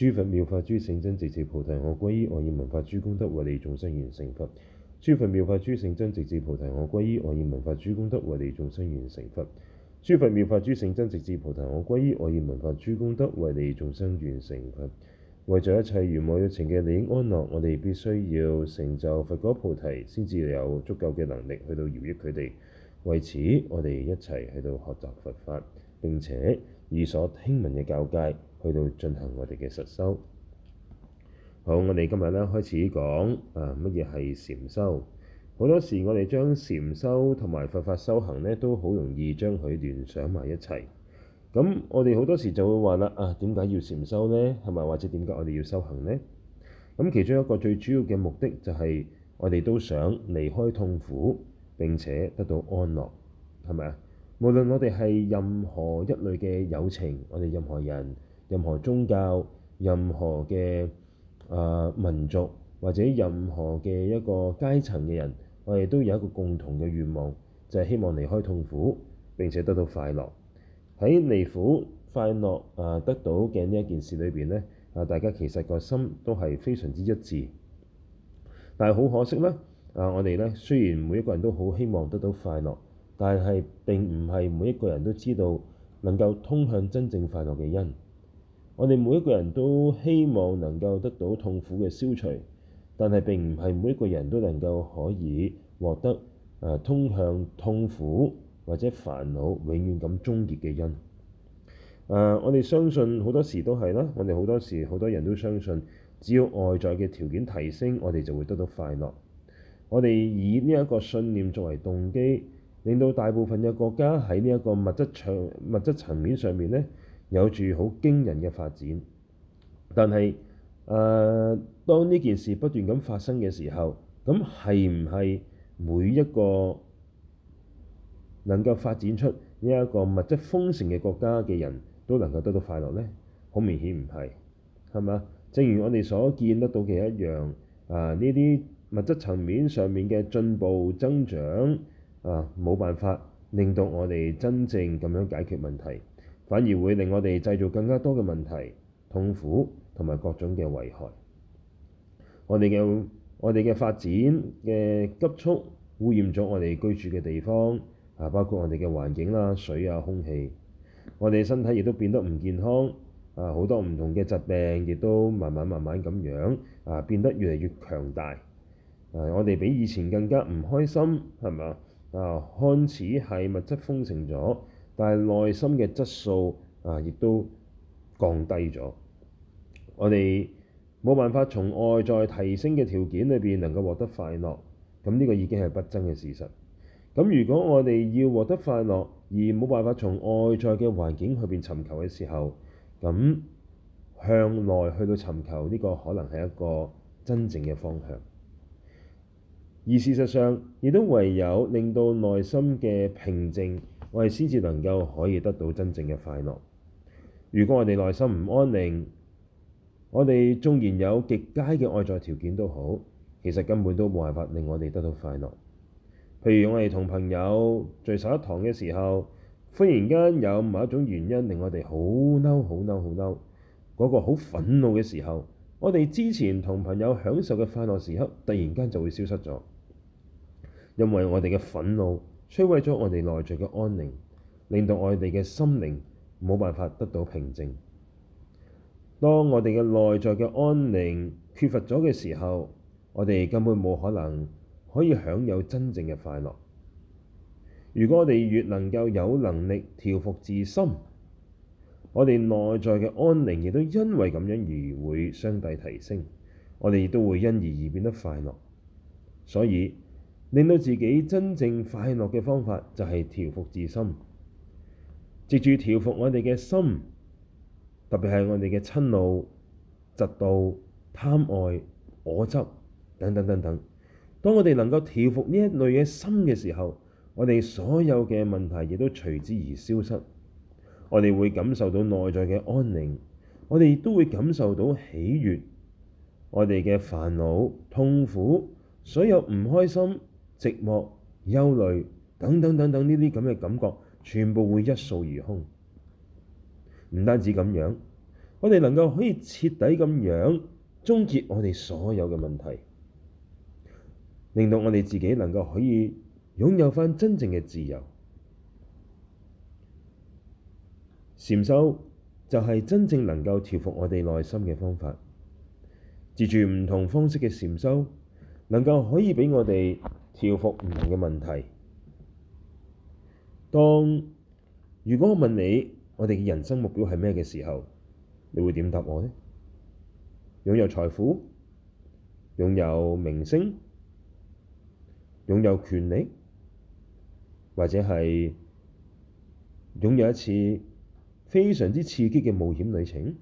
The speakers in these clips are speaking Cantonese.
諸佛妙法諸聖僧直至菩提我皈依；我以文化諸功德，為利眾生完成佛。諸佛妙法諸聖僧直至菩提我皈依；我以文化諸功德，為利眾生完成佛。諸佛妙法諸聖僧直至菩提我皈依；我以文化諸功德，為利眾生完成佛。為咗一切如母有情嘅利益安樂，我哋必須要成就佛果菩提，先至有足夠嘅能力去到饒益佢哋。為此，我哋一齊喺度學習佛法，並且以所聽聞嘅教戒。去到進行我哋嘅實修。好，我哋今日咧開始講啊，乜嘢係禪修？好多時我哋將禪修同埋佛法修行咧，都好容易將佢聯想埋一齊。咁我哋好多時就會話啦啊，點解要禪修咧？係咪？或者點解我哋要修行咧？咁其中一個最主要嘅目的就係我哋都想離開痛苦，並且得到安樂，係咪啊？無論我哋係任何一類嘅有情，我哋任何人。任何宗教、任何嘅啊、呃、民族或者任何嘅一個階層嘅人，我哋都有一個共同嘅願望，就係、是、希望離開痛苦並且得到快樂。喺離苦快樂啊、呃、得到嘅呢一件事裏邊呢，啊、呃，大家其實個心都係非常之一致。但係好可惜咧啊、呃！我哋呢，雖然每一個人都好希望得到快樂，但係並唔係每一個人都知道能夠通向真正快樂嘅因。我哋每一個人都希望能夠得到痛苦嘅消除，但係並唔係每一個人都能夠可以獲得啊、呃，通向痛苦或者煩惱永遠咁終結嘅因。啊、呃，我哋相信好多時都係啦。我哋好多時好多人都相信，只要外在嘅條件提升，我哋就會得到快樂。我哋以呢一個信念作為動機，令到大部分嘅國家喺呢一個物質層物質層面上面呢，有住好驚人嘅發展，但係誒、呃，當呢件事不斷咁發生嘅時候，咁係唔係每一個能夠發展出呢一個物質豐盛嘅國家嘅人都能夠得到快樂呢？好明顯唔係，係嘛？正如我哋所見得到嘅一樣，啊，呢啲物質層面上面嘅進步增長啊，冇辦法令到我哋真正咁樣解決問題。反而會令我哋製造更加多嘅問題、痛苦同埋各種嘅危害。我哋嘅我哋嘅發展嘅急速污染咗我哋居住嘅地方，啊，包括我哋嘅環境啦、水啊、空氣。我哋身體亦都變得唔健康，啊，好多唔同嘅疾病亦都慢慢慢慢咁樣啊，變得越嚟越強大。我哋比以前更加唔開心，係咪啊？啊，看似係物質豐盛咗。但係內心嘅質素啊，亦都降低咗。我哋冇辦法從外在提升嘅條件裏邊能夠獲得快樂，咁呢個已經係不爭嘅事實。咁如果我哋要獲得快樂，而冇辦法從外在嘅環境裏邊尋求嘅時候，咁向內去到尋求呢個可能係一個真正嘅方向。而事實上，亦都唯有令到內心嘅平靜，我哋先至能夠可以得到真正嘅快樂。如果我哋內心唔安寧，我哋縱然有極佳嘅外在條件都好，其實根本都冇辦法令我哋得到快樂。譬如我哋同朋友聚首一堂嘅時候，忽然間有某一種原因令我哋好嬲、好嬲、好嬲，嗰個好憤怒嘅時候，我哋之前同朋友享受嘅快樂時刻，突然間就會消失咗，因為我哋嘅憤怒，摧毀咗我哋內在嘅安寧，令到我哋嘅心靈冇辦法得到平靜。當我哋嘅內在嘅安寧缺乏咗嘅時候，我哋根本冇可能可以享有真正嘅快樂。如果我哋越能夠有能力調伏自心，我哋內在嘅安寧亦都因為咁樣而會相對提升，我哋亦都會因而而變得快樂。所以，令到自己真正快樂嘅方法就係調伏自心，藉住調伏我哋嘅心，特別係我哋嘅瞋怒、嫉妒、貪愛、我執等等等等。當我哋能夠調伏呢一類嘅心嘅時候，我哋所有嘅問題亦都隨之而消失。我哋會感受到內在嘅安寧，我哋亦都會感受到喜悦。我哋嘅煩惱、痛苦、所有唔開心。寂寞、憂慮等等等等呢啲咁嘅感覺，全部會一掃而空。唔單止咁樣，我哋能夠可以徹底咁樣終結我哋所有嘅問題，令到我哋自己能夠可以擁有返真正嘅自由。禪修就係真正能夠調伏我哋內心嘅方法。接住唔同方式嘅禪修。能夠可以畀我哋調服唔同嘅問題。當如果我問你，我哋嘅人生目標係咩嘅時候，你會點答我呢？擁有財富、擁有名聲、擁有權力，或者係擁有一次非常之刺激嘅冒險旅程。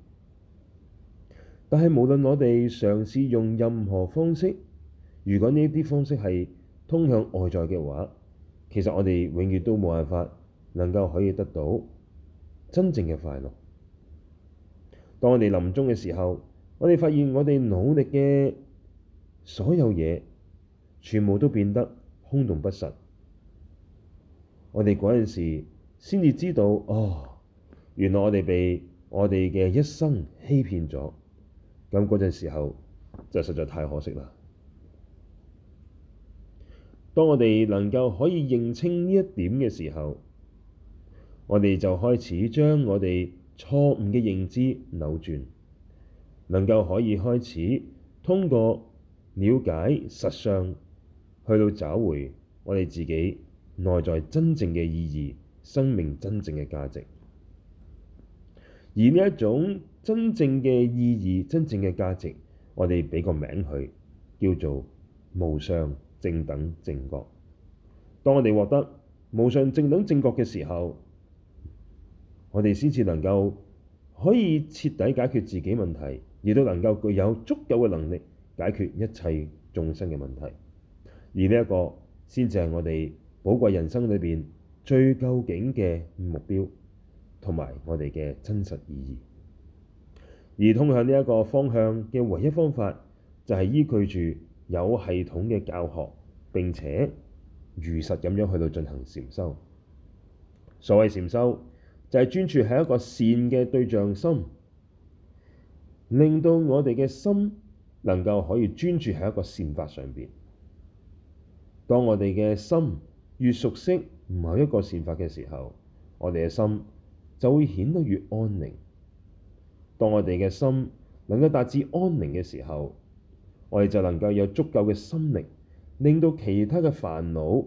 但係無論我哋嘗試用任何方式，如果呢啲方式係通向外在嘅話，其實我哋永遠都冇辦法能夠可以得到真正嘅快樂。當我哋臨終嘅時候，我哋發現我哋努力嘅所有嘢，全部都變得空洞不實。我哋嗰陣時先至知道哦，原來我哋被我哋嘅一生欺騙咗。咁嗰陣時候就實在太可惜啦～當我哋能夠可以認清呢一點嘅時候，我哋就開始將我哋錯誤嘅認知扭轉，能夠可以開始通過了解實相，去到找回我哋自己內在真正嘅意義、生命真正嘅價值。而呢一種真正嘅意義、真正嘅價值，我哋畀個名佢，叫做無相。正等正覺。當我哋獲得無上正等正覺嘅時候，我哋先至能夠可以徹底解決自己問題，亦都能夠具有足夠嘅能力解決一切眾生嘅問題。而呢一個先至係我哋寶貴人生裏邊最究竟嘅目標，同埋我哋嘅真實意義。而通向呢一個方向嘅唯一方法，就係依據住有系統嘅教學，並且如實咁樣去到進行禪修。所謂禪修，就係專注喺一個善嘅對象心，令到我哋嘅心能夠可以專注喺一個善法上邊。當我哋嘅心越熟悉某一個善法嘅時候，我哋嘅心就會顯得越安寧。當我哋嘅心能夠達至安寧嘅時候，我哋就能夠有足夠嘅心靈，令到其他嘅煩惱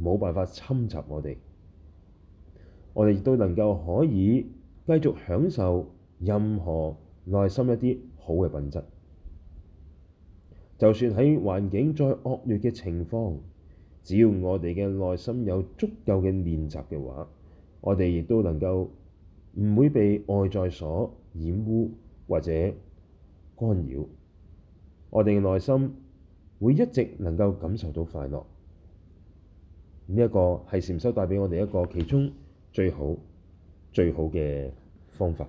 冇辦法侵襲我哋。我哋亦都能夠可以繼續享受任何內心一啲好嘅品質。就算喺環境再惡劣嘅情況，只要我哋嘅內心有足夠嘅練習嘅話，我哋亦都能夠唔會被外在所染污或者干擾。我哋嘅內心會一直能夠感受到快樂，呢一個係禪修帶畀我哋一個其中最好最好嘅方法。